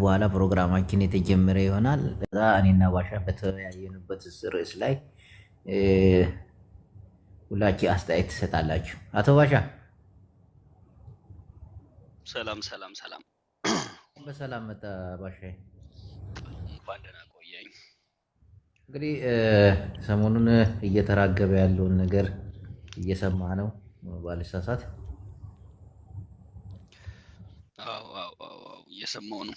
በኋላ ፕሮግራማችን የተጀመረ ይሆናል። ከዛ እኔና ባሻ በተወያየንበት ርዕስ ላይ ሁላችሁ አስተያየት ትሰጣላችሁ። አቶ ባሻ ሰላም ሰላም ሰላም፣ በሰላም መጣ ባሻ፣ እንግዲህ ሰሞኑን እየተራገበ ያለውን ነገር እየሰማ ነው ባልሳሳት? አዎ አዎ አዎ፣ እየሰማው ነው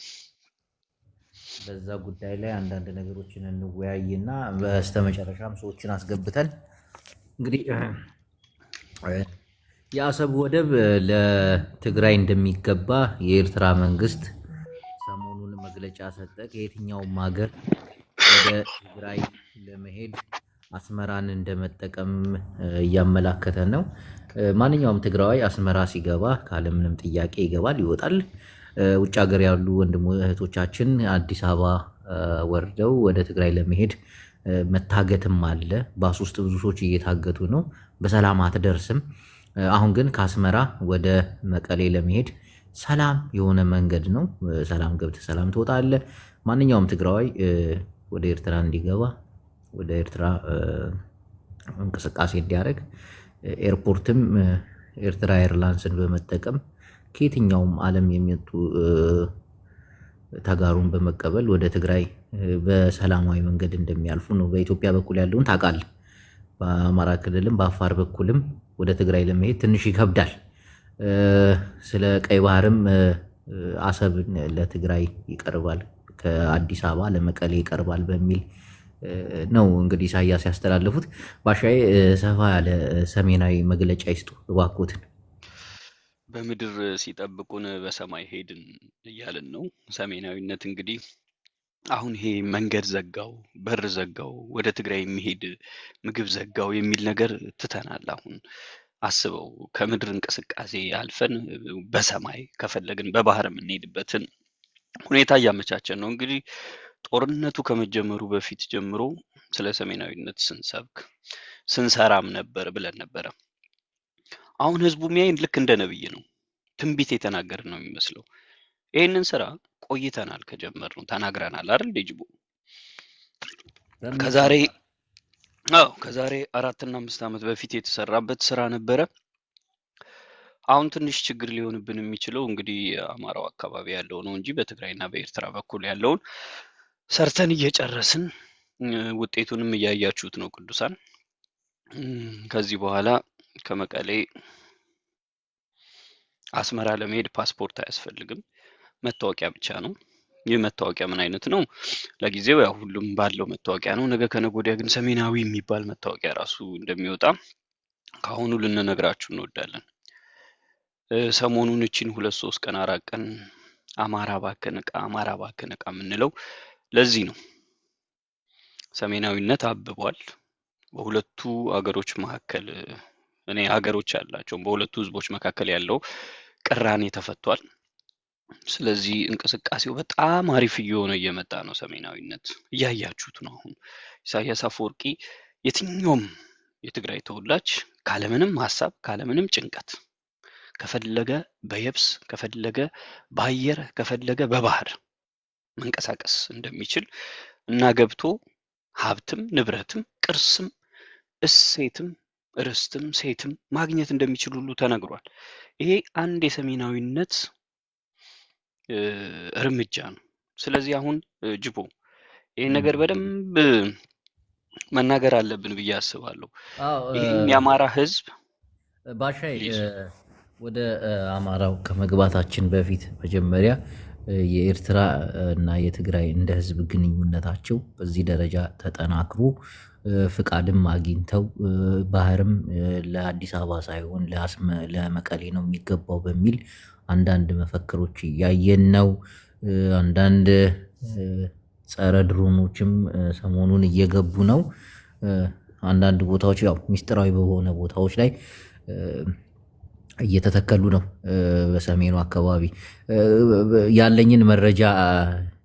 በዛ ጉዳይ ላይ አንዳንድ ነገሮችን እንወያይና በስተመጨረሻም ሰዎችን አስገብተን እንግዲህ የአሰብ ወደብ ለትግራይ እንደሚገባ የኤርትራ መንግስት ሰሞኑን መግለጫ ሰጠ። ከየትኛውም ሀገር ወደ ትግራይ ለመሄድ አስመራን እንደመጠቀም እያመላከተ ነው። ማንኛውም ትግራዋይ አስመራ ሲገባ ካለምንም ጥያቄ ይገባል፣ ይወጣል። ውጭ ሀገር ያሉ ወንድሞ እህቶቻችን አዲስ አበባ ወርደው ወደ ትግራይ ለመሄድ መታገትም አለ። ባስ ውስጥ ብዙ ሰዎች እየታገቱ ነው። በሰላም አትደርስም። አሁን ግን ከአስመራ ወደ መቀሌ ለመሄድ ሰላም የሆነ መንገድ ነው። ሰላም ገብተህ ሰላም ትወጣለህ። ማንኛውም ትግራዋይ ወደ ኤርትራ እንዲገባ ወደ ኤርትራ እንቅስቃሴ እንዲያደርግ ኤርፖርትም ኤርትራ ኤርላንስን በመጠቀም ከየትኛውም ዓለም የሚመጡ ተጋሩን በመቀበል ወደ ትግራይ በሰላማዊ መንገድ እንደሚያልፉ ነው። በኢትዮጵያ በኩል ያለውን ታውቃለህ። በአማራ ክልልም በአፋር በኩልም ወደ ትግራይ ለመሄድ ትንሽ ይከብዳል። ስለ ቀይ ባህርም አሰብ ለትግራይ ይቀርባል፣ ከአዲስ አበባ ለመቀሌ ይቀርባል በሚል ነው እንግዲህ ኢሳያስ ያስተላለፉት። ባሻዬ ሰፋ ያለ ሰሜናዊ መግለጫ ይስጡ እባክዎትን። በምድር ሲጠብቁን በሰማይ ሄድን እያልን ነው። ሰሜናዊነት እንግዲህ አሁን ይሄ መንገድ ዘጋው፣ በር ዘጋው፣ ወደ ትግራይ የሚሄድ ምግብ ዘጋው የሚል ነገር ትተናል። አሁን አስበው ከምድር እንቅስቃሴ አልፈን በሰማይ ከፈለግን በባህር የምንሄድበትን ሁኔታ እያመቻቸን ነው። እንግዲህ ጦርነቱ ከመጀመሩ በፊት ጀምሮ ስለ ሰሜናዊነት ስንሰብክ ስንሰራም ነበር ብለን ነበረ። አሁን ህዝቡ የሚያይን ልክ እንደ ነብይ ነው። ትንቢት የተናገር ነው የሚመስለው። ይህንን ስራ ቆይተናል ከጀመር ነው ተናግረናል አይደል ጅቦ? ከዛሬ አዎ ከዛሬ አራትና አምስት ዓመት በፊት የተሰራበት ስራ ነበረ። አሁን ትንሽ ችግር ሊሆንብን የሚችለው እንግዲህ አማራው አካባቢ ያለው ነው እንጂ በትግራይና በኤርትራ በኩል ያለውን ሰርተን እየጨረስን ውጤቱንም እያያችሁት ነው ቅዱሳን። ከዚህ በኋላ ከመቀሌ አስመራ ለመሄድ ፓስፖርት አያስፈልግም፣ መታወቂያ ብቻ ነው። ይህ መታወቂያ ምን አይነት ነው? ለጊዜው ያው ሁሉም ባለው መታወቂያ ነው። ነገ ከነገ ወዲያ ግን ሰሜናዊ የሚባል መታወቂያ ራሱ እንደሚወጣ ከአሁኑ ልንነግራችሁ እንወዳለን። ሰሞኑን እችን ሁለት ሶስት ቀን አራት ቀን አማራ ባከን እቃ አማራ ባከን እቃ የምንለው ለዚህ ነው። ሰሜናዊነት አብቧል በሁለቱ አገሮች መካከል እኔ ሀገሮች አላቸውም። በሁለቱ ህዝቦች መካከል ያለው ቅራኔ ተፈቷል። ስለዚህ እንቅስቃሴው በጣም አሪፍ እየሆነ እየመጣ ነው። ሰሜናዊነት እያያችሁት ነው። አሁን ኢሳያስ አፈወርቂ የትኛውም የትግራይ ተወላጅ ካለምንም ሀሳብ ካለምንም ጭንቀት ከፈለገ በየብስ ከፈለገ በአየር ከፈለገ በባህር መንቀሳቀስ እንደሚችል እና ገብቶ ሀብትም ንብረትም ቅርስም እሴትም ርስትም ሴትም ማግኘት እንደሚችል ሁሉ ተነግሯል። ይሄ አንድ የሰሜናዊነት እርምጃ ነው። ስለዚህ አሁን ጅቦ ይህን ነገር በደንብ መናገር አለብን ብዬ አስባለሁ። ይህም የአማራ ህዝብ ባሻይ ወደ አማራው ከመግባታችን በፊት መጀመሪያ የኤርትራ እና የትግራይ እንደ ህዝብ ግንኙነታቸው በዚህ ደረጃ ተጠናክሮ ፍቃድም አግኝተው ባህርም ለአዲስ አበባ ሳይሆን ለመቀሌ ነው የሚገባው በሚል አንዳንድ መፈክሮች እያየን ነው። አንዳንድ ጸረ ድሮኖችም ሰሞኑን እየገቡ ነው። አንዳንድ ቦታዎች ያው ሚስጥራዊ በሆነ ቦታዎች ላይ እየተተከሉ ነው። በሰሜኑ አካባቢ ያለኝን መረጃ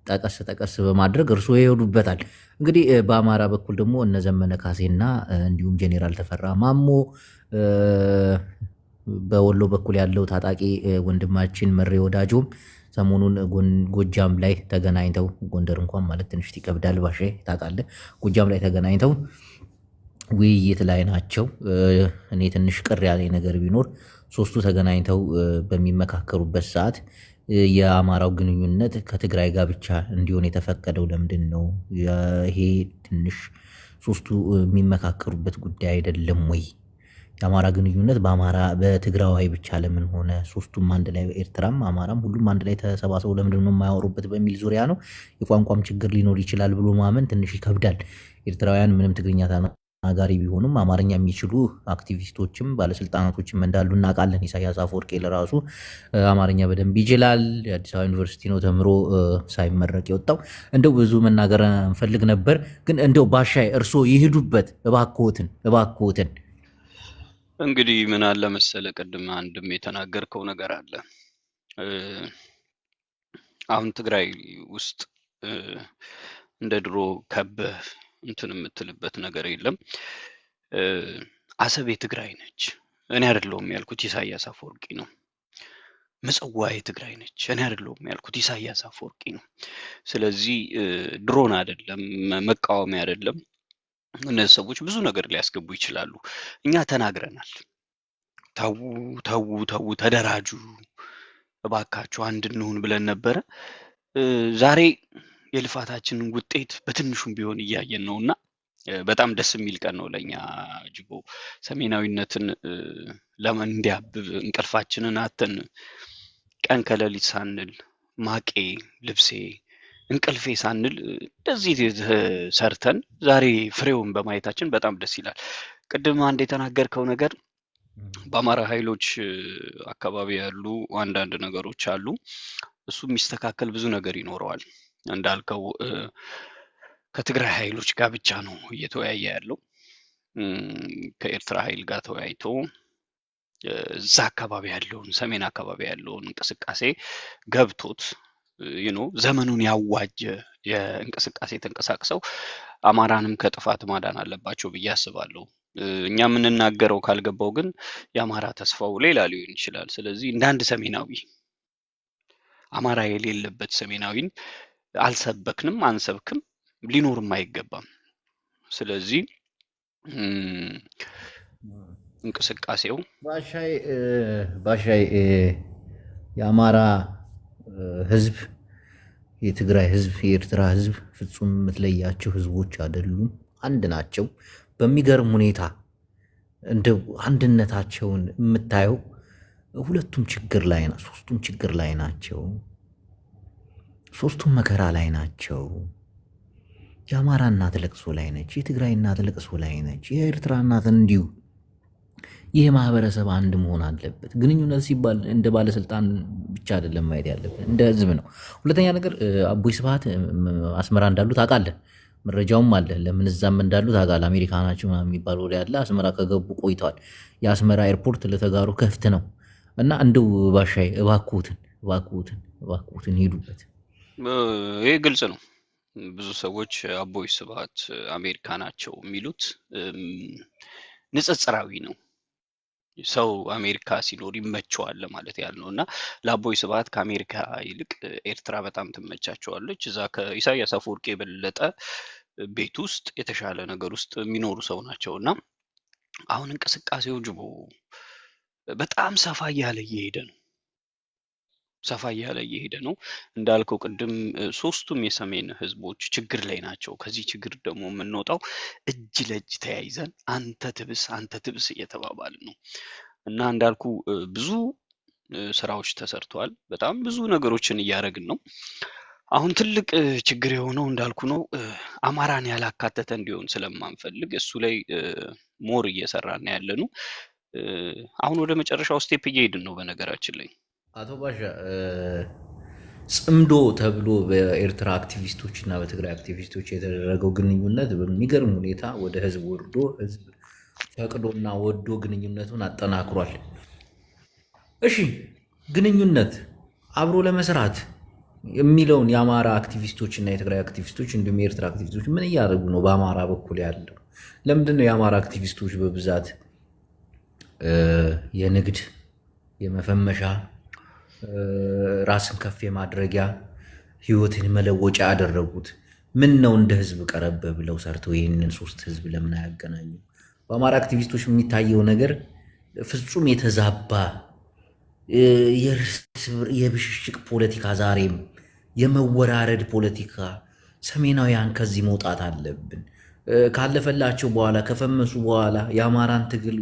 ጠቀስ ጠቀስ በማድረግ እርስዎ ይሄዱበታል። እንግዲህ በአማራ በኩል ደግሞ እነ ዘመነ ካሴና እንዲሁም ጄኔራል ተፈራ ማሞ በወሎ በኩል ያለው ታጣቂ ወንድማችን መሬ ወዳጆም ሰሞኑን ጎጃም ላይ ተገናኝተው ጎንደር እንኳን ማለት ትንሽ ይከብዳል፣ ባሼ ታውቃለህ። ጎጃም ላይ ተገናኝተው ውይይት ላይ ናቸው። እኔ ትንሽ ቅር ያለ ነገር ቢኖር ሶስቱ ተገናኝተው በሚመካከሩበት ሰዓት የአማራው ግንኙነት ከትግራይ ጋር ብቻ እንዲሆን የተፈቀደው ለምንድን ነው? ይሄ ትንሽ ሶስቱ የሚመካከሩበት ጉዳይ አይደለም ወይ? የአማራ ግንኙነት በአማራ በትግራዋይ ብቻ ለምን ሆነ? ሶስቱም አንድ ላይ ኤርትራም፣ አማራም ሁሉም አንድ ላይ ተሰባስበው ለምንድን ነው የማያወሩበት በሚል ዙሪያ ነው። የቋንቋም ችግር ሊኖር ይችላል ብሎ ማመን ትንሽ ይከብዳል። ኤርትራውያን ምንም ትግርኛ አጋሪ ቢሆኑም አማርኛ የሚችሉ አክቲቪስቶችም ባለስልጣናቶችም እንዳሉ እናውቃለን። ኢሳያስ አፈወርቄ ለራሱ አማርኛ በደንብ ይችላል። የአዲስ አበባ ዩኒቨርሲቲ ነው ተምሮ ሳይመረቅ የወጣው። እንደው ብዙ መናገር እንፈልግ ነበር፣ ግን እንደው ባሻይ እርስዎ ይሄዱበት እባክዎትን እባክዎትን። እንግዲህ ምን አለ መሰለ ቅድም አንድም የተናገርከው ነገር አለ አሁን ትግራይ ውስጥ እንደ ድሮ ከበህ እንትን የምትልበት ነገር የለም። አሰብ የትግራይ ነች፣ እኔ አይደለሁም ያልኩት ኢሳያስ አፈወርቂ ነው። ምጽዋ የትግራይ ነች፣ እኔ አይደለሁም ያልኩት ኢሳያስ አፈወርቂ ነው። ስለዚህ ድሮን አይደለም መቃወሚያ አይደለም። እነዚህ ሰዎች ብዙ ነገር ሊያስገቡ ይችላሉ። እኛ ተናግረናል። ተዉ ተዉ ተዉ ተደራጁ እባካችሁ አንድ እንሁን ብለን ነበረ ዛሬ የልፋታችንን ውጤት በትንሹም ቢሆን እያየን ነው እና በጣም ደስ የሚል ቀን ነው ለእኛ። ጅቦ ሰሜናዊነትን ለምን እንዲያብብ እንቅልፋችንን አተን ቀን ከሌሊት ሳንል ማቄ ልብሴ እንቅልፌ ሳንል እንደዚህ ሰርተን ዛሬ ፍሬውን በማየታችን በጣም ደስ ይላል። ቅድም አንድ የተናገርከው ነገር በአማራ ኃይሎች አካባቢ ያሉ አንዳንድ ነገሮች አሉ። እሱ የሚስተካከል ብዙ ነገር ይኖረዋል። እንዳልከው ከትግራይ ኃይሎች ጋር ብቻ ነው እየተወያየ ያለው። ከኤርትራ ኃይል ጋር ተወያይቶ እዛ አካባቢ ያለውን ሰሜን አካባቢ ያለውን እንቅስቃሴ ገብቶት ይኖ ዘመኑን ያዋጀ የእንቅስቃሴ ተንቀሳቅሰው አማራንም ከጥፋት ማዳን አለባቸው ብዬ አስባለሁ። እኛ የምንናገረው ካልገባው ግን የአማራ ተስፋው ሌላ ሊሆን ይችላል። ስለዚህ እንደ አንድ ሰሜናዊ አማራ የሌለበት ሰሜናዊን አልሰበክንም፣ አንሰብክም፣ ሊኖርም አይገባም። ስለዚህ እንቅስቃሴው ባሻይ የአማራ ህዝብ፣ የትግራይ ህዝብ፣ የኤርትራ ህዝብ ፍጹም የምትለያቸው ህዝቦች አይደሉም፣ አንድ ናቸው። በሚገርም ሁኔታ እንደ አንድነታቸውን የምታየው ሁለቱም ችግር ላይ ሶስቱም ችግር ላይ ናቸው። ሶስቱም መከራ ላይ ናቸው። የአማራ እናት ለቅሶ ላይ ነች። የትግራይ እናት ለቅሶ ላይ ነች። የኤርትራ እናት እንዲሁ። ይህ ማህበረሰብ አንድ መሆን አለበት። ግንኙነት ሲባል እንደ ባለስልጣን ብቻ አይደለም ማየት ያለብን፣ እንደ ህዝብ ነው። ሁለተኛ ነገር አቦይ ስፋት አስመራ እንዳሉ ታውቃለህ፣ መረጃውም አለ። ለምን እዛም እንዳሉ ታውቃለህ። አሜሪካ ናቸው የሚባል ወደ ያለ አስመራ ከገቡ ቆይተዋል። የአስመራ ኤርፖርት ለተጋሩ ክፍት ነው እና እንደው ባሻይ እባክዎትን፣ እባክዎትን፣ እባክዎትን ሄዱበት። ይህ ግልጽ ነው። ብዙ ሰዎች አቦይ ስብሃት አሜሪካ ናቸው የሚሉት ንጽጽራዊ ነው። ሰው አሜሪካ ሲኖር ይመቸዋል ለማለት ያህል ነው እና ለአቦይ ስብሃት ከአሜሪካ ይልቅ ኤርትራ በጣም ትመቻቸዋለች። እዛ ከኢሳያስ አፈወርቅ የበለጠ ቤት ውስጥ የተሻለ ነገር ውስጥ የሚኖሩ ሰው ናቸው እና አሁን እንቅስቃሴው ጅቦ በጣም ሰፋ እያለ እየሄደ ነው። ሰፋ እያለ እየሄደ ነው። እንዳልከው ቅድም ሶስቱም የሰሜን ህዝቦች ችግር ላይ ናቸው። ከዚህ ችግር ደግሞ የምንወጣው እጅ ለእጅ ተያይዘን አንተ ትብስ አንተ ትብስ እየተባባልን ነው እና እንዳልኩ ብዙ ስራዎች ተሰርተዋል። በጣም ብዙ ነገሮችን እያደረግን ነው። አሁን ትልቅ ችግር የሆነው እንዳልኩ ነው፣ አማራን ያላካተተ እንዲሆን ስለማንፈልግ እሱ ላይ ሞር እየሰራን ያለኑ አሁን ወደ መጨረሻው ስቴፕ እየሄድን ነው በነገራችን ላይ አቶ ባሻ ጽምዶ ተብሎ በኤርትራ አክቲቪስቶች እና በትግራይ አክቲቪስቶች የተደረገው ግንኙነት በሚገርም ሁኔታ ወደ ህዝብ ወርዶ ህዝብ ፈቅዶና ወዶ ግንኙነቱን አጠናክሯል። እሺ ግንኙነት አብሮ ለመስራት የሚለውን የአማራ አክቲቪስቶች እና የትግራይ አክቲቪስቶች እንዲሁም የኤርትራ አክቲቪስቶች ምን እያደረጉ ነው? በአማራ በኩል ያለው ለምንድን ነው የአማራ አክቲቪስቶች በብዛት የንግድ የመፈመሻ ራስን ከፍ የማድረጊያ ህይወትን መለወጫ ያደረጉት ምን ነው እንደ ህዝብ ቀረበ ብለው ሰርተው ይህንን ሶስት ህዝብ ለምን አያገናኙ? በአማራ አክቲቪስቶች የሚታየው ነገር ፍጹም የተዛባ የብሽሽቅ ፖለቲካ፣ ዛሬም የመወራረድ ፖለቲካ። ሰሜናውያን ከዚህ መውጣት አለብን። ካለፈላቸው በኋላ ከፈመሱ በኋላ የአማራን ትግል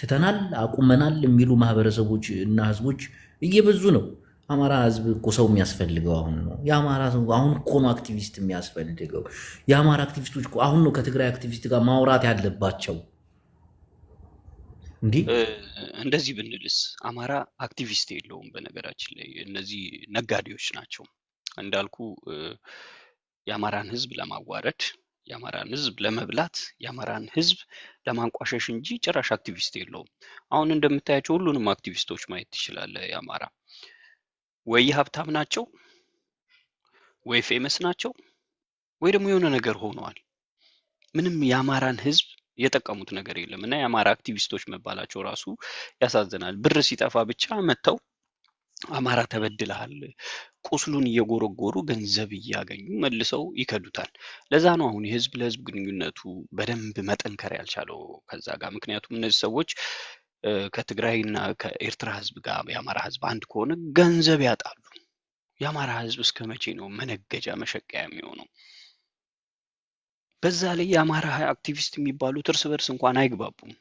ትተናል አቁመናል የሚሉ ማህበረሰቦች እና ህዝቦች እየበዙ ነው። አማራ ህዝብ እኮ ሰው የሚያስፈልገው አሁን ነው። የአማራ አሁን እኮ ነው አክቲቪስት የሚያስፈልገው። የአማራ አክቲቪስቶች አሁን ነው ከትግራይ አክቲቪስት ጋር ማውራት ያለባቸው። እንዲህ እንደዚህ ብንልስ አማራ አክቲቪስት የለውም። በነገራችን ላይ እነዚህ ነጋዴዎች ናቸው እንዳልኩ የአማራን ህዝብ ለማዋረድ የአማራን ህዝብ ለመብላት የአማራን ህዝብ ለማንቋሸሽ እንጂ ጭራሽ አክቲቪስት የለውም። አሁን እንደምታያቸው ሁሉንም አክቲቪስቶች ማየት ትችላለህ። የአማራ ወይ ሀብታም ናቸው ወይ ፌመስ ናቸው ወይ ደግሞ የሆነ ነገር ሆነዋል። ምንም የአማራን ህዝብ የጠቀሙት ነገር የለም እና የአማራ አክቲቪስቶች መባላቸው ራሱ ያሳዝናል። ብር ሲጠፋ ብቻ መጥተው አማራ ተበድልሃል ቁስሉን እየጎረጎሩ ገንዘብ እያገኙ መልሰው ይከዱታል። ለዛ ነው አሁን የህዝብ ለህዝብ ግንኙነቱ በደንብ መጠንከር ያልቻለው ከዛ ጋር። ምክንያቱም እነዚህ ሰዎች ከትግራይና ከኤርትራ ህዝብ ጋር የአማራ ህዝብ አንድ ከሆነ ገንዘብ ያጣሉ። የአማራ ህዝብ እስከ መቼ ነው መነገጃ መሸቀያ የሚሆነው? በዛ ላይ የአማራ አክቲቪስት የሚባሉት እርስ በርስ እንኳን አይግባቡም።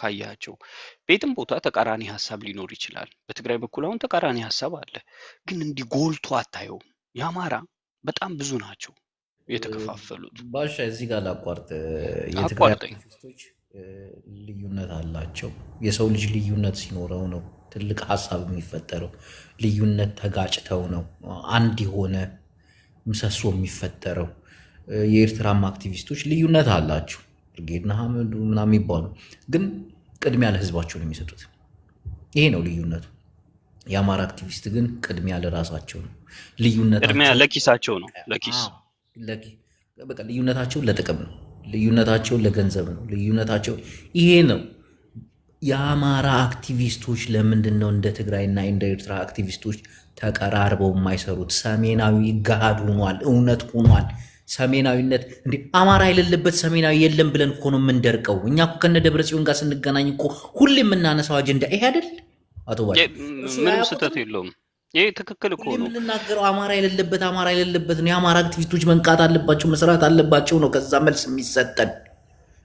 ካያቸው ቤትም ቦታ ተቃራኒ ሀሳብ ሊኖር ይችላል። በትግራይ በኩል አሁን ተቃራኒ ሀሳብ አለ፣ ግን እንዲህ ጎልቶ አታየውም። የአማራ በጣም ብዙ ናቸው የተከፋፈሉት። ባሻ እዚህ ጋር ላቋርጥ። የትግራይ አክቲቪስቶች ልዩነት አላቸው። የሰው ልጅ ልዩነት ሲኖረው ነው ትልቅ ሀሳብ የሚፈጠረው። ልዩነት ተጋጭተው ነው አንድ የሆነ ምሰሶ የሚፈጠረው። የኤርትራም አክቲቪስቶች ልዩነት አላቸው ብርጌድና ሀመዱ ምናምን የሚባሉ ግን ቅድሚያ ለህዝባቸው ነው የሚሰጡት። ይሄ ነው ልዩነቱ። የአማራ አክቲቪስት ግን ቅድሚያ ለራሳቸው ነው። ልዩነት ቅድሚያ ለኪሳቸው ነው። ለኪስ በቃ ልዩነታቸው ለጥቅም ነው። ልዩነታቸው ለገንዘብ ነው። ልዩነታቸው ይሄ ነው። የአማራ አክቲቪስቶች ለምንድን ነው እንደ ትግራይና እንደ ኤርትራ አክቲቪስቶች ተቀራርበው የማይሰሩት? ሰሜናዊ ገሃድ ሆኗል። እውነት ሆኗል። ሰሜናዊነት እንደ አማራ የሌለበት ሰሜናዊ የለም ብለን እኮ ነው የምንደርቀው። እኛ እኮ ከነ ደብረ ጽዮን ጋር ስንገናኝ እኮ ሁሌ የምናነሳው አጀንዳ ይሄ አይደል? አቶ ባለ ምንም ስህተት የለውም። ይህ ትክክል እኮ ነው የምንናገረው። አማራ የሌለበት አማራ የሌለበት ነው። የአማራ አክቲቪስቶች መንቃት አለባቸው፣ መስራት አለባቸው ነው ከዛ መልስ የሚሰጠን።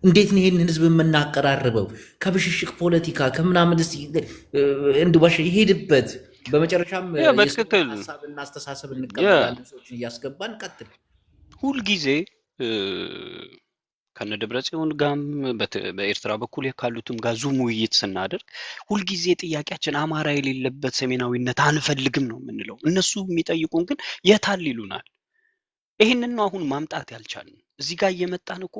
እንዴት ነው ይህን ህዝብ የምናቀራርበው? ከብሽሽቅ ፖለቲካ ከምናምን እንድባሽ ይሄድበት። በመጨረሻም በትክክል ሀሳብና አስተሳሰብ እንቀበላለን። ሰዎችን እያስገባን ቀጥል ሁልጊዜ ከነደብረ ጽዮን ጋም በኤርትራ በኩል ካሉትም ጋር ዙም ውይይት ስናደርግ ሁልጊዜ ጥያቄያችን አማራ የሌለበት ሰሜናዊነት አንፈልግም ነው የምንለው። እነሱ የሚጠይቁን ግን የታል ይሉናል። ይህንን ነው አሁን ማምጣት ያልቻልን። እዚህ ጋር እየመጣን እኮ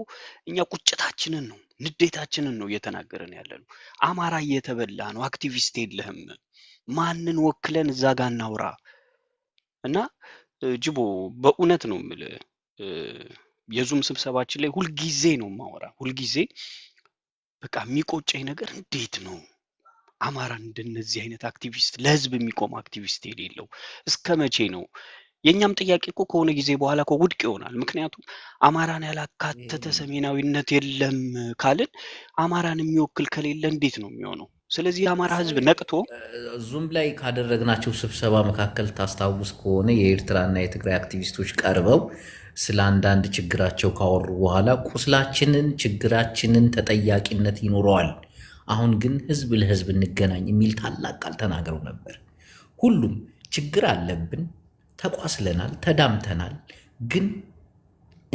እኛ ቁጭታችንን ነው ንዴታችንን ነው እየተናገረን ያለ ነው። አማራ እየተበላ ነው፣ አክቲቪስት የለህም፣ ማንን ወክለን እዛ ጋር እናውራ? እና ጅቦ በእውነት ነው የምልህ የዙም ስብሰባችን ላይ ሁልጊዜ ነው ማወራ። ሁልጊዜ በቃ የሚቆጨኝ ነገር እንዴት ነው አማራ እንደነዚህ አይነት አክቲቪስት ለህዝብ የሚቆም አክቲቪስት የሌለው እስከ መቼ ነው? የእኛም ጥያቄ እኮ ከሆነ ጊዜ በኋላ እኮ ውድቅ ይሆናል። ምክንያቱም አማራን ያላካተተ ሰሜናዊነት የለም ካልን አማራን የሚወክል ከሌለ እንዴት ነው የሚሆነው? ስለዚህ የአማራ ህዝብ ነቅቶ ዙም ላይ ካደረግናቸው ስብሰባ መካከል ታስታውስ ከሆነ የኤርትራና የትግራይ አክቲቪስቶች ቀርበው ስለ አንዳንድ ችግራቸው ካወሩ በኋላ ቁስላችንን፣ ችግራችንን ተጠያቂነት ይኖረዋል። አሁን ግን ህዝብ ለህዝብ እንገናኝ የሚል ታላቅ ቃል ተናግረው ነበር። ሁሉም ችግር አለብን፣ ተቋስለናል፣ ተዳምተናል፣ ግን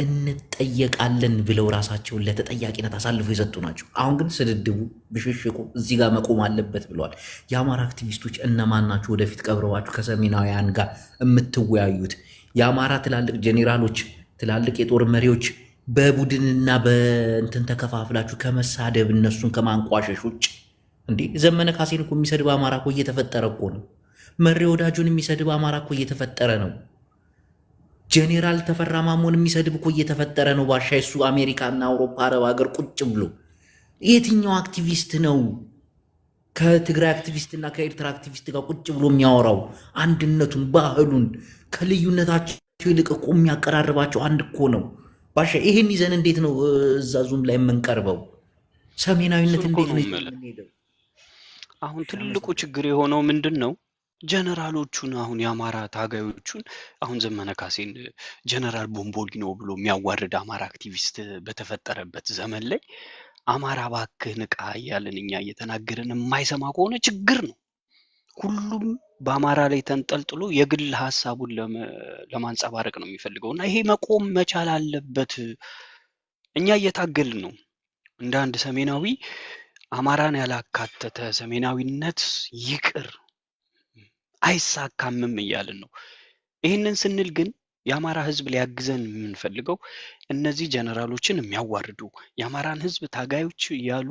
እንጠየቃለን ብለው ራሳቸውን ለተጠያቂነት አሳልፈው የሰጡ ናቸው። አሁን ግን ስድድቡ፣ ብሽሽቁ እዚህ ጋር መቆም አለበት ብለዋል። የአማራ አክቲቪስቶች እነማን ናቸው? ወደፊት ቀብረዋችሁ ከሰሜናውያን ጋር የምትወያዩት የአማራ ትላልቅ ጄኔራሎች፣ ትላልቅ የጦር መሪዎች በቡድንና በእንትን ተከፋፍላችሁ ከመሳደብ እነሱን ከማንቋሸሽ ውጭ እንዴ ዘመነ ካሴን እኮ የሚሰድብ አማራ እኮ እየተፈጠረ እኮ ነው። መሬ ወዳጁን የሚሰድብ አማራ እኮ እየተፈጠረ ነው። ጄኔራል ተፈራ ማሞን የሚሰድብ እኮ እየተፈጠረ ነው። ባሻይ እሱ አሜሪካና አውሮፓ አረብ ሀገር ቁጭ ብሎ የትኛው አክቲቪስት ነው? ከትግራይ አክቲቪስትና ከኤርትራ አክቲቪስት ጋር ቁጭ ብሎ የሚያወራው አንድነቱን ባህሉን ከልዩነታቸው ይልቅ እኮ የሚያቀራርባቸው አንድ እኮ ነው። ባሻ ይህን ይዘን እንዴት ነው እዛ ዙም ላይ የምንቀርበው? ሰሜናዊነት እንዴት ነው አሁን ትልቁ ችግር የሆነው ምንድን ነው? ጀነራሎቹን አሁን የአማራ ታጋዮቹን አሁን ዘመነ ካሴን ጀነራል ቦምቦሊኖ ብሎ የሚያዋርድ አማራ አክቲቪስት በተፈጠረበት ዘመን ላይ አማራ እባክህ ንቃ እያለን እኛ እየተናገርን የማይሰማ ከሆነ ችግር ነው። ሁሉም በአማራ ላይ ተንጠልጥሎ የግል ሀሳቡን ለማንጸባረቅ ነው የሚፈልገው እና ይሄ መቆም መቻል አለበት። እኛ እየታገልን ነው። እንደ አንድ ሰሜናዊ አማራን ያላካተተ ሰሜናዊነት ይቅር አይሳካምም እያልን ነው። ይህንን ስንል ግን የአማራ ህዝብ ሊያግዘን የምንፈልገው እነዚህ ጀነራሎችን የሚያዋርዱ የአማራን ህዝብ ታጋዮች ያሉ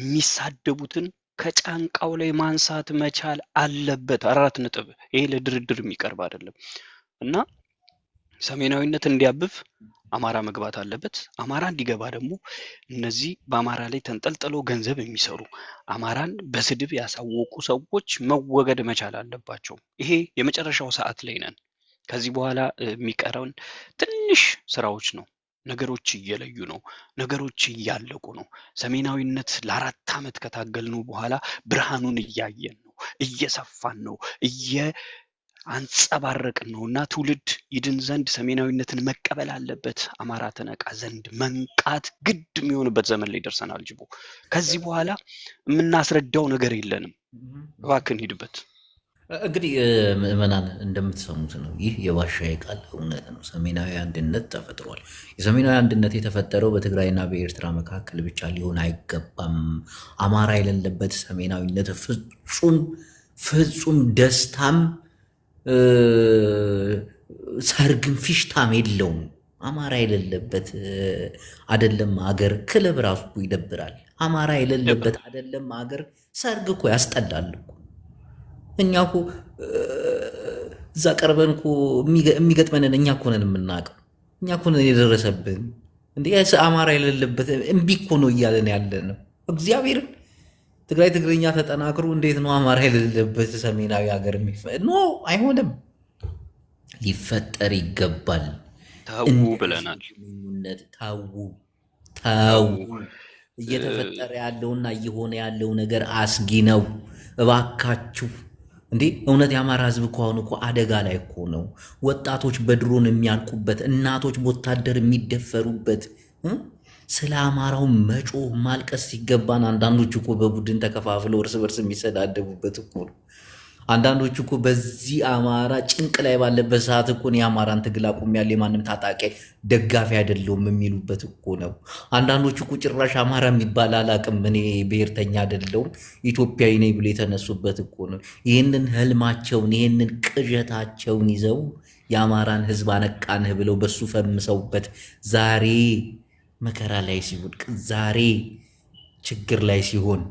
የሚሳደቡትን ከጫንቃው ላይ ማንሳት መቻል አለበት። አራት ነጥብ። ይሄ ለድርድር የሚቀርብ አይደለም እና ሰሜናዊነት እንዲያብብ አማራ መግባት አለበት። አማራ እንዲገባ ደግሞ እነዚህ በአማራ ላይ ተንጠልጥለው ገንዘብ የሚሰሩ አማራን በስድብ ያሳወቁ ሰዎች መወገድ መቻል አለባቸው። ይሄ የመጨረሻው ሰዓት ላይ ነን። ከዚህ በኋላ የሚቀረውን ትንሽ ስራዎች ነው። ነገሮች እየለዩ ነው። ነገሮች እያለቁ ነው። ሰሜናዊነት ለአራት ዓመት ከታገልነው በኋላ ብርሃኑን እያየን ነው። እየሰፋን ነው። እየ ነው እና ትውልድ ይድን ዘንድ ሰሜናዊነትን መቀበል አለበት። አማራ ተነቃ ዘንድ መንቃት ግድ የሚሆንበት ዘመን ላይ ደርሰናል። ጅቦ ከዚህ በኋላ የምናስረዳው ነገር የለንም። እባክን ሂድበት። እንግዲህ ምዕመናን እንደምትሰሙት ነው። ይህ የባሻዬ ቃል እውነት ነው። ሰሜናዊ አንድነት ተፈጥሯል። የሰሜናዊ አንድነት የተፈጠረው በትግራይና በኤርትራ መካከል ብቻ ሊሆን አይገባም። አማራ የሌለበት ሰሜናዊነት ፍጹም ፍጹም ደስታም ሰርግም ፊሽታም የለውም። አማራ የሌለበት አደለም አገር ክለብ ራሱ ይደብራል። አማራ የሌለበት አደለም አገር ሰርግ እኮ ያስጠላል እኮ እኛ እኮ እዛ ቀርበን እኮ የሚገጥመንን እኛ እኮ ነን የምናውቀው። እኛ እኮ ነን የደረሰብን። እንደ አማራ የሌለበት እምቢ እኮ ነው እያለን ያለ ነው። እግዚአብሔርን ትግራይ ትግርኛ ተጠናክሮ እንዴት ነው አማራ የሌለበት ሰሜናዊ ሀገር የሚፈ- ኖ አይሆንም። ሊፈጠር ይገባል። ታው ብለናል። ታው እየተፈጠረ ያለውና እየሆነ ያለው ነገር አስጊ ነው። እባካችሁ እንዴ እውነት የአማራ ህዝብ እኮ አሁን እኮ አደጋ ላይ እኮ ነው። ወጣቶች በድሮን የሚያልቁበት፣ እናቶች በወታደር የሚደፈሩበት፣ ስለ አማራው መጮህ ማልቀስ ሲገባን አንዳንዶች እኮ በቡድን ተከፋፍለው እርስ በርስ የሚሰዳደቡበት እኮ ነው። አንዳንዶቹ እኮ በዚህ አማራ ጭንቅ ላይ ባለበት ሰዓት እኮ የአማራን ትግል አቁሜያለሁ የማንም ታጣቂ ደጋፊ አይደለሁም የሚሉበት እኮ ነው። አንዳንዶቹ እኮ ጭራሽ አማራ የሚባል አላቅም እኔ ብሔርተኛ አይደለሁም ኢትዮጵያዊ ነኝ ብሎ የተነሱበት እኮ ነው። ይህንን ህልማቸውን ይህንን ቅዠታቸውን ይዘው የአማራን ህዝብ አነቃንህ ብለው በሱ ፈምሰውበት ዛሬ መከራ ላይ ሲወድቅ ዛሬ ችግር ላይ ሲሆን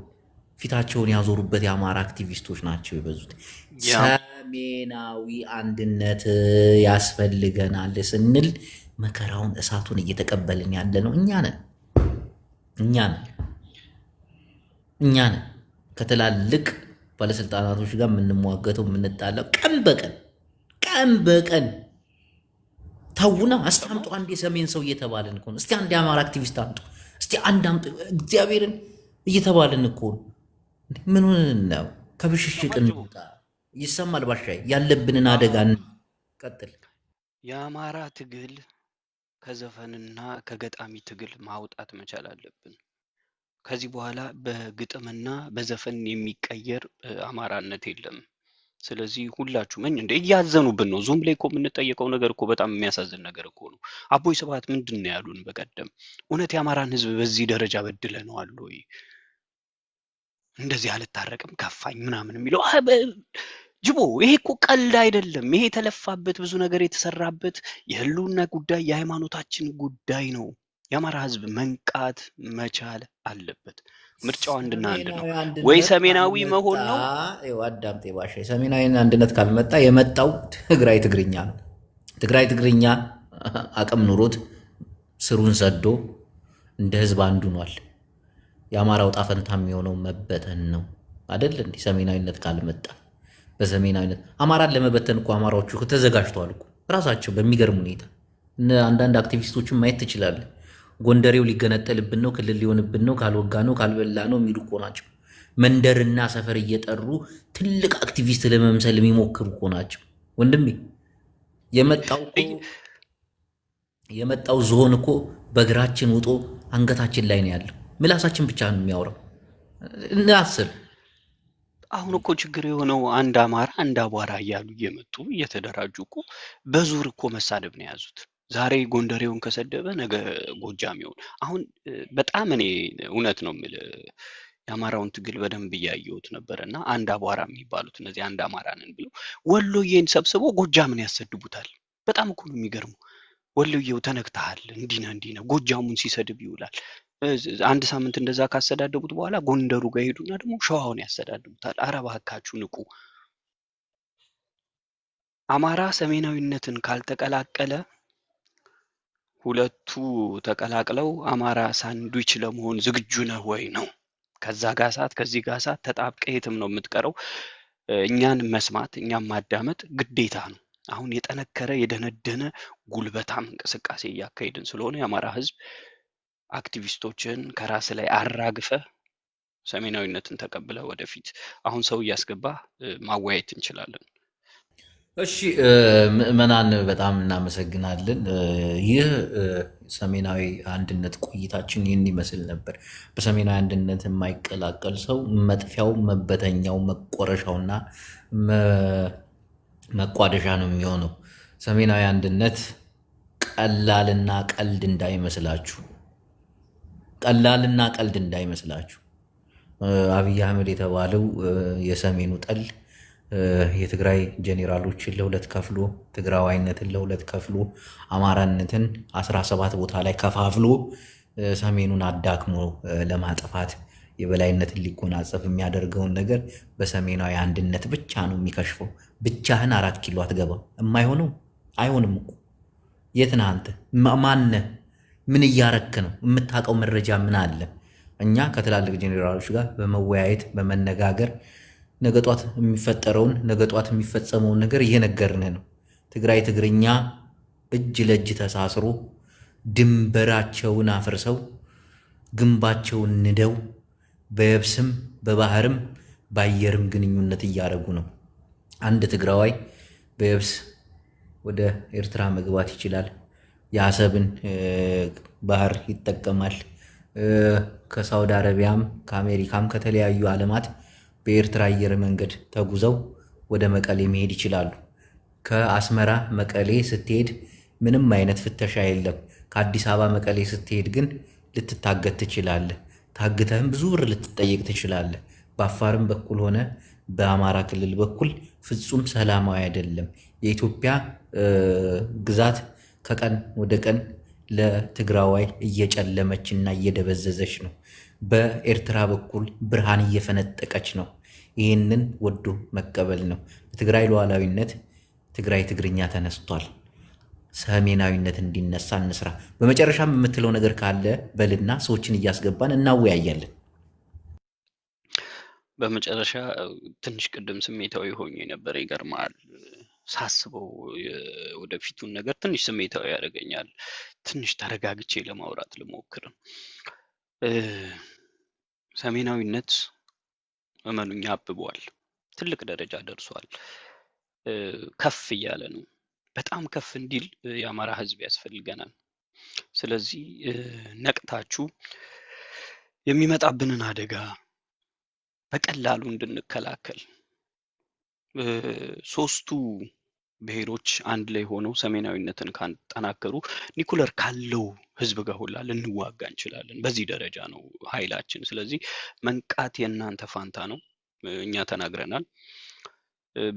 ፊታቸውን ያዞሩበት የአማራ አክቲቪስቶች ናቸው የበዙት። ሰሜናዊ አንድነት ያስፈልገናል ስንል መከራውን እሳቱን እየተቀበልን ያለ ነው እኛ ነን እኛ ነን እኛ ነን ከትላልቅ ባለስልጣናቶች ጋር የምንሟገተው የምንጣለው ቀን በቀን ቀን በቀን ታውና እስቲ አምጡ አንድ የሰሜን ሰው እየተባልን እኮ ነው። እስቲ አንድ የአማራ አክቲቪስት አምጡ፣ እስቲ አንድ አምጡ፣ እግዚአብሔርን እየተባልን እኮ ነው። ምን ነው? ከብሽሽቅ እንውጣ። ይሰማል ባሻይ፣ ያለብንን አደጋ ቀጥል። የአማራ ትግል ከዘፈንና ከገጣሚ ትግል ማውጣት መቻል አለብን። ከዚህ በኋላ በግጥምና በዘፈን የሚቀየር አማራነት የለም። ስለዚህ ሁላችሁም እንደ እያዘኑብን ነው። ዙም ላይ እኮ የምንጠየቀው ነገር እኮ በጣም የሚያሳዝን ነገር እኮ ነው። አቦይ ስብሐት ምንድን ነው ያሉን በቀደም? እውነት የአማራን ህዝብ በዚህ ደረጃ በድለነዋል ወይ? እንደዚህ አልታረቅም ከፋኝ ምናምን የሚለው ጅቦ ይሄ እኮ ቀልድ አይደለም። ይሄ የተለፋበት ብዙ ነገር የተሰራበት የህልውና ጉዳይ የሃይማኖታችን ጉዳይ ነው። የአማራ ህዝብ መንቃት መቻል አለበት። ምርጫው አንድና አንድ ነው። ወይ ሰሜናዊ መሆን ነው። ባሻ የሰሜናዊ አንድነት ካልመጣ የመጣው ትግራይ ትግርኛ ነው። ትግራይ ትግርኛ አቅም ኑሮት ስሩን ሰዶ እንደ ህዝብ አንዱ ነል። የአማራው ጣፈንታ የሚሆነው መበተን ነው አደል? እንዲህ ሰሜናዊነት ካልመጣ በሰሜናዊነት አማራን ለመበተን እኮ አማራዎቹ ተዘጋጅተዋል እኮ ራሳቸው በሚገርም ሁኔታ አንዳንድ አክቲቪስቶችን ማየት ትችላለን። ጎንደሬው ሊገነጠልብን ነው፣ ክልል ሊሆንብን ነው፣ ካልወጋ ነው፣ ካልበላ ነው የሚሉ እኮ ናቸው። መንደርና ሰፈር እየጠሩ ትልቅ አክቲቪስት ለመምሰል የሚሞክሩ እኮ ናቸው። ወንድሜ የመጣው የመጣው ዝሆን እኮ በእግራችን ውጦ አንገታችን ላይ ነው ያለው። ምላሳችን ብቻ ነው የሚያወራው። እናስብ። አሁን እኮ ችግር የሆነው አንድ አማራ አንድ አቧራ እያሉ እየመጡ እየተደራጁ እኮ በዙር እኮ መሳደብ ነው የያዙት። ዛሬ ጎንደሬውን ከሰደበ ነገ ይሆን። አሁን በጣም እኔ እውነት ነው የምልህ የአማራውን ትግል በደንብ እያየሁት ነበር እና አንድ አቧራ የሚባሉት እነዚህ አንድ አማራ ነን ብለው ወሎዬን ሰብስበው ጎጃምን ያሰድቡታል። በጣም እኮ ነው የሚገርመው። ወሎዬው ተነክተሃል፣ እንዲህ እንዲነ ጎጃሙን ሲሰድብ ይውላል። አንድ ሳምንት እንደዛ ካስተዳደቡት በኋላ ጎንደሩ ጋር ሄዱና ደግሞ ሸዋውን ያስተዳድቡታል። አረ እባካችሁ ንቁ። አማራ ሰሜናዊነትን ካልተቀላቀለ ሁለቱ ተቀላቅለው አማራ ሳንድዊች ለመሆን ዝግጁ ነህ ወይ ነው። ከዛ ጋር ሰዓት ከዚህ ጋር ሰዓት ተጣብቀ የትም ነው የምትቀረው። እኛን መስማት እኛን ማዳመጥ ግዴታ ነው። አሁን የጠነከረ የደነደነ ጉልበታም እንቅስቃሴ እያካሄድን ስለሆነ የአማራ ህዝብ አክቲቪስቶችን ከራስ ላይ አራግፈ ሰሜናዊነትን ተቀብለ ወደፊት አሁን ሰው እያስገባ ማወያየት እንችላለን። እሺ ምዕመናን በጣም እናመሰግናለን። ይህ ሰሜናዊ አንድነት ቆይታችን ይህን ይመስል ነበር። በሰሜናዊ አንድነት የማይቀላቀል ሰው መጥፊያው፣ መበተኛው፣ መቆረሻውና መቋደሻ ነው የሚሆነው። ሰሜናዊ አንድነት ቀላልና ቀልድ እንዳይመስላችሁ። ቀላልና ቀልድ እንዳይመስላችሁ። አብይ አህመድ የተባለው የሰሜኑ ጠል የትግራይ ጄኔራሎችን ለሁለት ከፍሎ ትግራዋይነትን ለሁለት ከፍሎ አማራነትን 17 ቦታ ላይ ከፋፍሎ ሰሜኑን አዳክሞ ለማጥፋት የበላይነትን ሊጎናጸፍ የሚያደርገውን ነገር በሰሜናዊ አንድነት ብቻ ነው የሚከሽፈው። ብቻህን አራት ኪሎ አትገባ። የማይሆነው አይሆንም እኮ የት ነህ አንተ? ማነህ? ምን እያረክ ነው? የምታውቀው መረጃ ምን አለ? እኛ ከትላልቅ ጄኔራሎች ጋር በመወያየት በመነጋገር ነገጧት የሚፈጠረውን ነገጧት የሚፈጸመውን ነገር እየነገርን ነው። ትግራይ ትግርኛ እጅ ለእጅ ተሳስሮ ድንበራቸውን አፍርሰው ግንባቸውን ንደው በየብስም በባህርም በአየርም ግንኙነት እያደረጉ ነው። አንድ ትግራዋይ በየብስ ወደ ኤርትራ መግባት ይችላል። የአሰብን ባህር ይጠቀማል። ከሳውዲ አረቢያም ከአሜሪካም ከተለያዩ ዓለማት በኤርትራ አየር መንገድ ተጉዘው ወደ መቀሌ መሄድ ይችላሉ። ከአስመራ መቀሌ ስትሄድ ምንም አይነት ፍተሻ የለም። ከአዲስ አበባ መቀሌ ስትሄድ ግን ልትታገት ትችላለህ። ታግተህም ብዙ ብር ልትጠየቅ ትችላለህ። በአፋርም በኩል ሆነ በአማራ ክልል በኩል ፍጹም ሰላማዊ አይደለም። የኢትዮጵያ ግዛት ከቀን ወደ ቀን ለትግራዋይ እየጨለመች እና እየደበዘዘች ነው። በኤርትራ በኩል ብርሃን እየፈነጠቀች ነው። ይህንን ወዶ መቀበል ነው። በትግራይ ሉዓላዊነት ትግራይ ትግርኛ ተነስቷል። ሰሜናዊነት እንዲነሳ እንስራ። በመጨረሻም የምትለው ነገር ካለ በልና ሰዎችን እያስገባን እናወያያለን። በመጨረሻ ትንሽ ቅድም ስሜታዊ ሆኜ ነበር። ይገርማል ሳስበው ወደፊቱን ነገር ትንሽ ስሜታዊ ያደርገኛል። ትንሽ ተረጋግቼ ለማውራት ልሞክር። ሰሜናዊነት እመኑኛ አብቧል። ትልቅ ደረጃ ደርሷል። ከፍ እያለ ነው። በጣም ከፍ እንዲል የአማራ ሕዝብ ያስፈልገናል። ስለዚህ ነቅታችሁ የሚመጣብንን አደጋ በቀላሉ እንድንከላከል ሶስቱ ብሔሮች አንድ ላይ ሆነው ሰሜናዊነትን ካጠናከሩ ኒኩለር ካለው ህዝብ ጋር ሁላ ልንዋጋ እንችላለን። በዚህ ደረጃ ነው ሀይላችን ስለዚህ መንቃት የእናንተ ፋንታ ነው። እኛ ተናግረናል።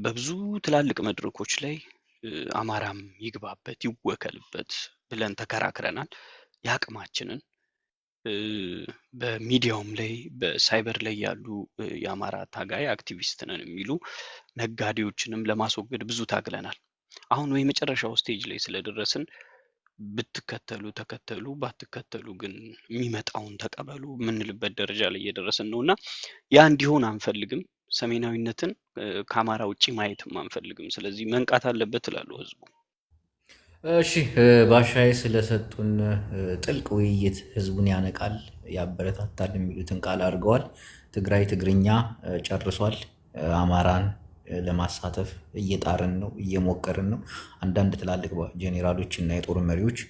በብዙ ትላልቅ መድረኮች ላይ አማራም ይግባበት ይወከልበት ብለን ተከራክረናል። የአቅማችንን በሚዲያውም ላይ በሳይበር ላይ ያሉ የአማራ ታጋይ አክቲቪስት ነን የሚሉ ነጋዴዎችንም ለማስወገድ ብዙ ታግለናል። አሁን ወይ መጨረሻው ስቴጅ ላይ ስለደረስን ብትከተሉ ተከተሉ፣ ባትከተሉ ግን የሚመጣውን ተቀበሉ የምንልበት ደረጃ ላይ እየደረስን ነው እና ያ እንዲሆን አንፈልግም። ሰሜናዊነትን ከአማራ ውጭ ማየትም አንፈልግም። ስለዚህ መንቃት አለበት እላለሁ ህዝቡ። እሺ ባሻይ ስለሰጡን ጥልቅ ውይይት ህዝቡን ያነቃል፣ ያበረታታል የሚሉትን ቃል አድርገዋል። ትግራይ ትግርኛ ጨርሷል። አማራን ለማሳተፍ እየጣርን ነው፣ እየሞከርን ነው። አንዳንድ ትላልቅ ጄኔራሎች እና የጦር መሪዎች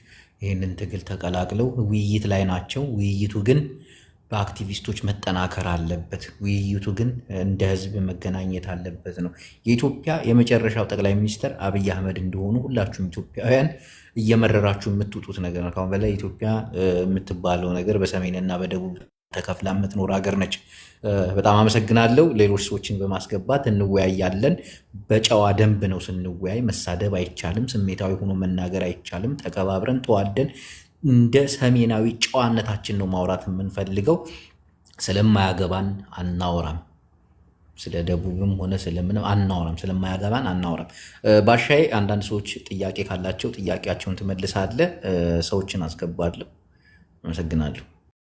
ይህንን ትግል ተቀላቅለው ውይይት ላይ ናቸው። ውይይቱ ግን በአክቲቪስቶች መጠናከር አለበት። ውይይቱ ግን እንደ ህዝብ መገናኘት አለበት ነው። የኢትዮጵያ የመጨረሻው ጠቅላይ ሚኒስትር አብይ አህመድ እንደሆኑ ሁላችሁም ኢትዮጵያውያን እየመረራችሁ የምትውጡት ነገር ነው። ካሁን በላይ ኢትዮጵያ የምትባለው ነገር በሰሜንና በደቡብ ተከፍላ የምትኖር ሀገር ነች። በጣም አመሰግናለሁ። ሌሎች ሰዎችን በማስገባት እንወያያለን። በጨዋ ደንብ ነው ስንወያይ። መሳደብ አይቻልም። ስሜታዊ ሆኖ መናገር አይቻልም። ተከባብረን ተዋደን እንደ ሰሜናዊ ጨዋነታችን ነው ማውራት የምንፈልገው። ስለማያገባን አናወራም። ስለ ደቡብም ሆነ ስለምንም አናወራም። ስለማያገባን አናወራም። ባሻይ አንዳንድ ሰዎች ጥያቄ ካላቸው ጥያቄያቸውን ትመልሳለህ። ሰዎችን አስገባለሁ። አመሰግናለሁ።